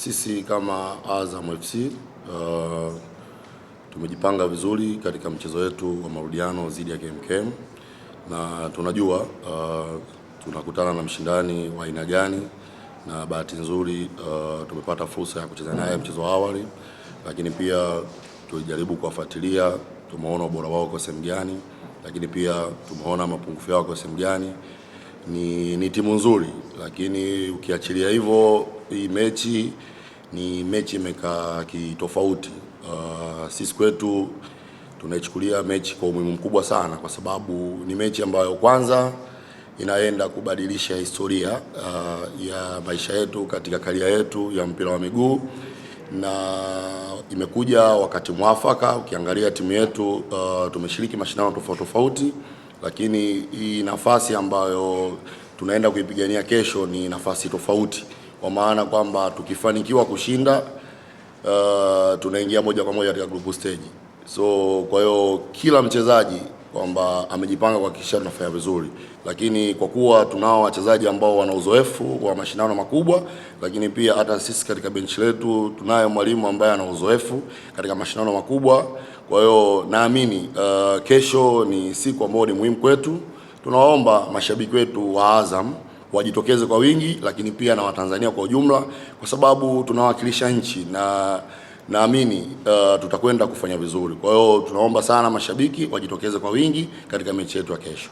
Sisi kama Azam FC uh, tumejipanga vizuri katika mchezo wetu wa marudiano dhidi ya KMKM na tunajua uh, tunakutana na mshindani wa aina gani, na bahati nzuri uh, tumepata fursa ya kucheza naye mchezo wa awali, lakini pia tulijaribu kuwafuatilia, tumeona ubora wao kwa sehemu gani, lakini pia tumeona mapungufu yao kwa sehemu gani. Ni, ni timu nzuri, lakini ukiachilia hivyo hii mechi ni mechi imekaa kitofauti. Uh, sisi kwetu tunaichukulia mechi kwa umuhimu mkubwa sana, kwa sababu ni mechi ambayo kwanza inaenda kubadilisha historia uh, ya maisha yetu katika kalia yetu ya mpira wa miguu na imekuja wakati mwafaka. Ukiangalia timu yetu uh, tumeshiriki mashindano tofauti tofauti, lakini hii nafasi ambayo tunaenda kuipigania kesho ni nafasi tofauti kwa maana kwamba tukifanikiwa kushinda uh, tunaingia moja kwa moja katika group stage. So kwa hiyo kila mchezaji kwamba amejipanga kuhakikisha tunafanya vizuri, lakini kwa kuwa tunao wachezaji ambao wana uzoefu wa mashindano makubwa, lakini pia hata sisi katika benchi letu tunaye mwalimu ambaye ana uzoefu katika mashindano makubwa. Kwa hiyo naamini uh, kesho ni siku ambayo ni muhimu kwetu. Tunawaomba mashabiki wetu wa Azam wajitokeze kwa wingi, lakini pia na Watanzania kwa ujumla, kwa sababu tunawakilisha nchi na naamini uh, tutakwenda kufanya vizuri. Kwa hiyo tunaomba sana mashabiki wajitokeze kwa wingi katika mechi yetu ya kesho.